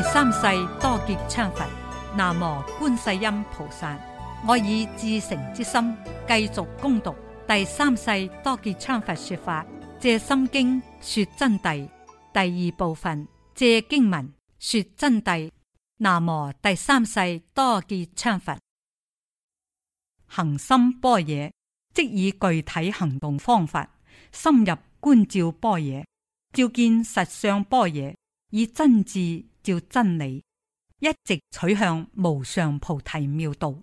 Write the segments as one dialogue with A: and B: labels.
A: 第三世多杰羌佛，南無觀世音菩薩。我以至誠之心繼續攻讀第三世多杰羌佛說法，借心經說真諦第二部分，借經文說真諦。南無第三世多杰羌佛，行深般若，即以具體行動方法深入觀照般若，照見實相般若，以真智。照真理，一直取向無上菩提妙道，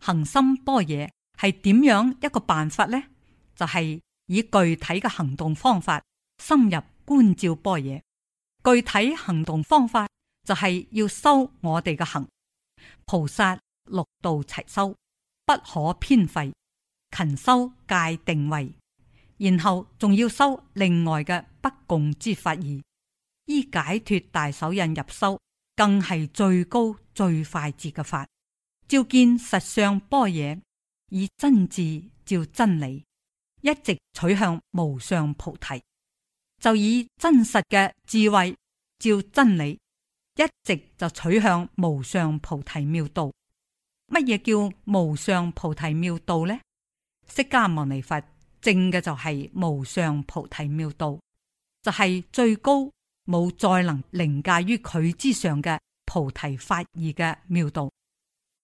A: 行深般若係點樣一個辦法呢？就係、是、以具體嘅行動方法深入觀照般若。具體行動方法就係要修我哋嘅行菩薩六度齊修，不可偏廢勤修戒定慧，然後仲要修另外嘅不共之法義。依解脫大手印入修，更係最高最快捷嘅法。照見實相般若，以真智照真理，一直取向無上菩提。就以真實嘅智慧照真理，一直就取向無上菩提妙道。乜嘢叫無上菩提妙道呢？釋迦牟尼佛正嘅就係無上菩提妙道，就係、是、最高。冇再能凌駕於佢之上嘅菩提法義嘅妙道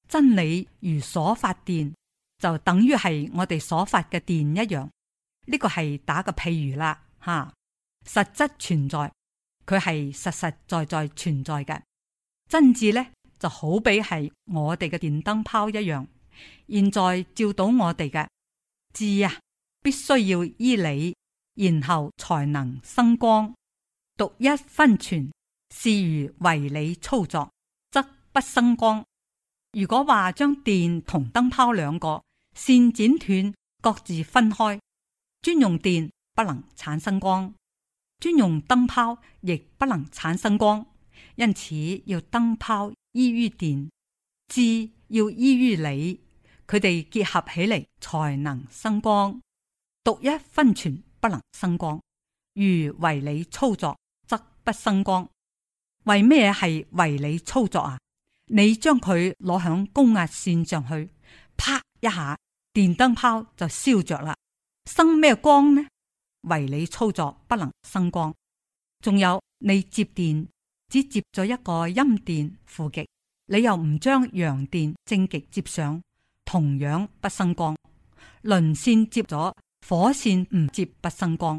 A: 真理，如所發電就等於係我哋所發嘅電一樣。呢、這個係打個譬如啦，吓實質存在，佢係實實在在存在嘅真智呢，就好比係我哋嘅電燈泡一樣。現在照到我哋嘅智啊，必須要依理，然後才能生光。獨一分存，是如為你操作，則不生光。如果話將電同燈泡兩個線剪斷，各自分開，專用電不能產生光，專用燈泡亦不能產生光。因此要燈泡依於電，智要依於理，佢哋結合起嚟，才能生光。獨一分存不能生光，如為你操作。不生光，為咩係為你操作啊？你將佢攞響高壓線上去，啪一下，電燈泡就燒着啦。生咩光呢？為你操作不能生光。仲有，你接電只接咗一個陰電負極，你又唔將陽電正極接上，同樣不生光。零線接咗火線唔接不生光，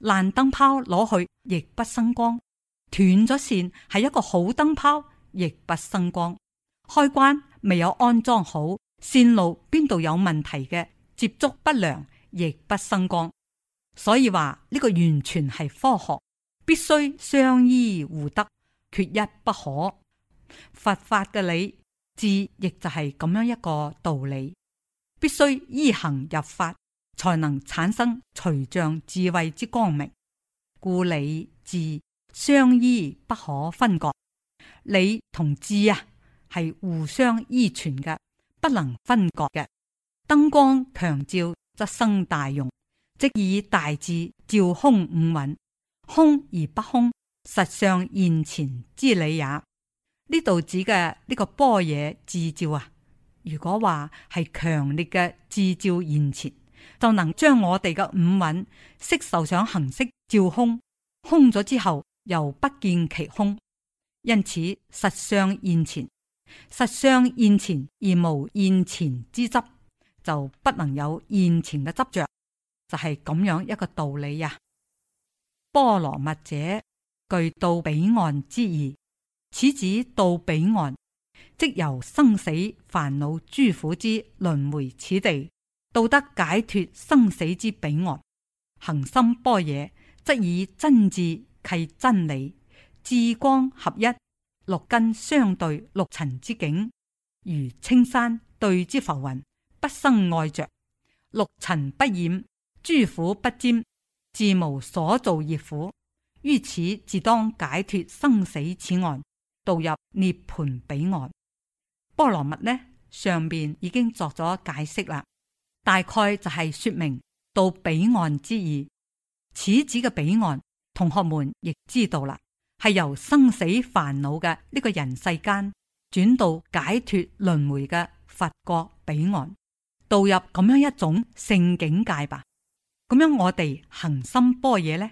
A: 爛燈泡攞去亦不生光。斷咗線係一個好燈泡，亦不生光。開關未有安裝好，線路邊度有問題嘅接觸不良，亦不生光。所以話呢個完全係科學，必須相依互得，缺一不可。佛法嘅理智亦就係咁樣一個道理，必須依行入法，才能產生隨象智慧之光明。故理智，相依不可分割，理同智啊係互相依存嘅，不能分割嘅。燈光強照則生大用，即以大智照空五蘊，空而不空，實相現前之理也。呢度指嘅呢個般若智照啊，如果話係強烈嘅智照現前，就能將我哋嘅五蘊色受想行識照空，空咗之後。又不見其空，因此實相現前，實相現前而無現前之執，就不能有現前嘅執着，就係、是、咁樣一個道理呀。波羅蜜者，具到彼岸之意。此指到彼岸，即由生死煩惱諸苦之輪迴此地，到得解脫生死之彼岸。行深波野，則以真智。契真理，智光合一，六根相對六塵之境，如青山對之浮雲，不生愛着。六塵不染，諸苦不沾，自無所造業苦，於此自當解脱生死此岸，渡入涅槃彼岸。波羅蜜呢上邊已經作咗解釋啦，大概就係說明到彼岸之意，此指嘅彼岸。同學們亦知道啦，係由生死煩惱嘅呢個人世間轉到解脱輪迴嘅佛國彼岸，導入咁樣一種聖境界吧。咁樣我哋行心般若呢，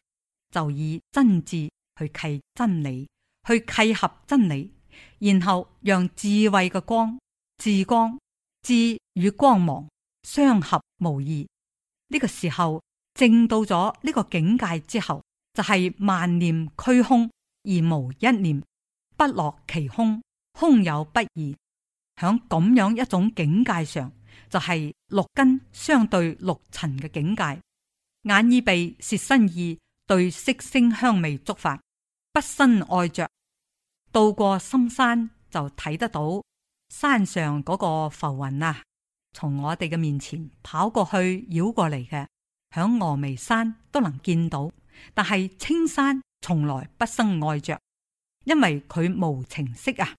A: 就以真智去契真理，去契合真理，然後讓智慧嘅光、智光、智與光芒相合無異。呢、這個時候正到咗呢個境界之後。就係萬念俱空而無一念不落其空，空有不二。響咁樣一種境界上，就係、是、六根相對六塵嘅境界。眼耳鼻舌身意對色聲香味觸法不生愛着。到過深山就睇得到山上嗰個浮雲啊，從我哋嘅面前跑過去繞過嚟嘅，響峨眉山都能見到。但係青山從來不生愛着，因為佢無情色啊。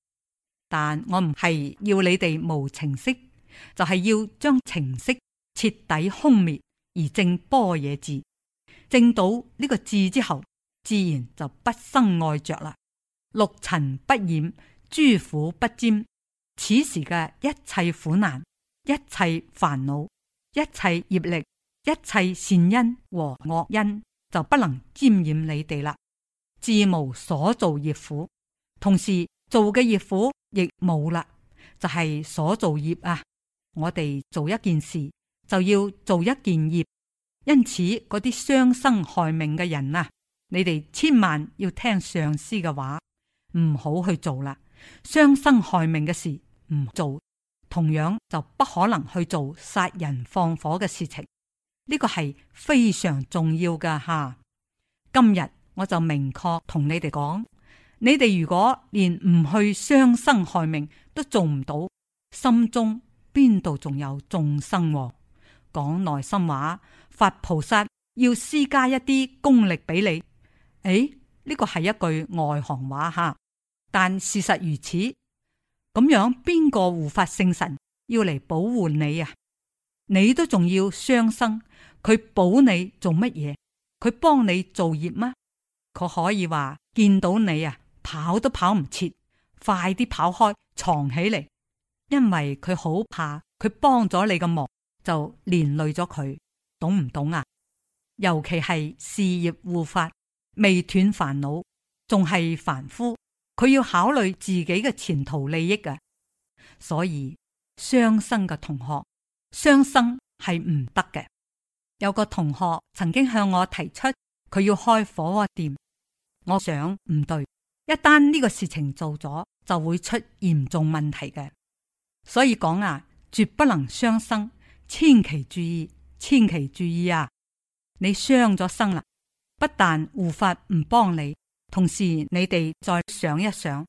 A: 但我唔係要你哋無情色，就係、是、要將情色徹底消滅而正般若智正到呢個智之後，自然就不生愛着啦。六塵不染，諸苦不沾。此時嘅一切苦難、一切煩惱、一切業力、一切善因和惡因。就不能沾染你哋啦，自無所做業苦，同時做嘅業苦亦冇啦，就係、是、所做業啊！我哋做一件事就要做一件業，因此嗰啲傷生害命嘅人啊，你哋千萬要聽上司嘅話，唔好去做啦，傷生害命嘅事唔做，同樣就不可能去做殺人放火嘅事情。呢個係非常重要噶吓，今日我就明確同你哋講，你哋如果連唔去傷生害命都做唔到，心中邊度仲有眾生？講內心話，佛菩薩要施加一啲功力俾你，誒，呢個係一句外行話吓，但事實如此，咁樣邊個護法聖神要嚟保護你啊？你都仲要傷生，佢保你做乜嘢？佢幫你做業嗎？佢可以話見到你啊，跑都跑唔切，快啲跑開，藏起嚟，因為佢好怕幫，佢幫咗你嘅忙就連累咗佢，懂唔懂啊？尤其係事業護法未斷煩惱，仲係凡夫，佢要考慮自己嘅前途利益嘅啊，所以傷生嘅同學，傷生係唔得嘅。有個同學曾經向我提出佢要開火鍋店，我想唔對。一旦呢個事情做咗就會出嚴重問題嘅，所以講啊，絕不能傷生，千祈注意，千祈注意啊！你傷咗生啦，不但護法唔幫你，同時你哋再想一想，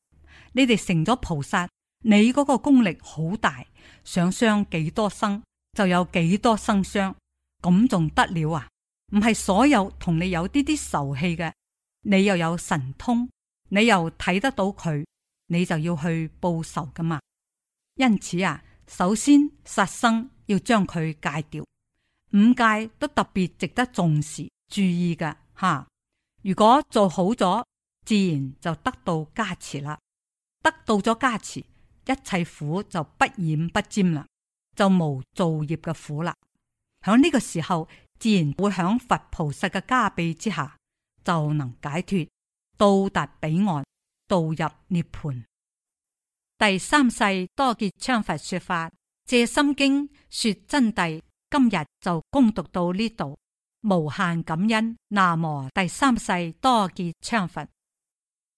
A: 你哋成咗菩薩，你嗰個功力好大，想傷幾多生？就有幾多生傷，咁仲得了啊？唔係所有同你有啲啲仇氣嘅，你又有神通，你又睇得到佢，你就要去報仇噶嘛。因此啊，首先殺生要將佢戒掉，五戒都特別值得重視注意嘅吓。如果做好咗，自然就得到加持啦。得到咗加持，一切苦就不染不沾啦。就無造業嘅苦啦，響呢個時候自然會響佛菩薩嘅加庇之下，就能解脫到達彼岸，度入涅槃。第三世多杰羌佛說法，借心經說真諦。今日就恭誦到呢度，無限感恩。那麼第三世多杰羌佛。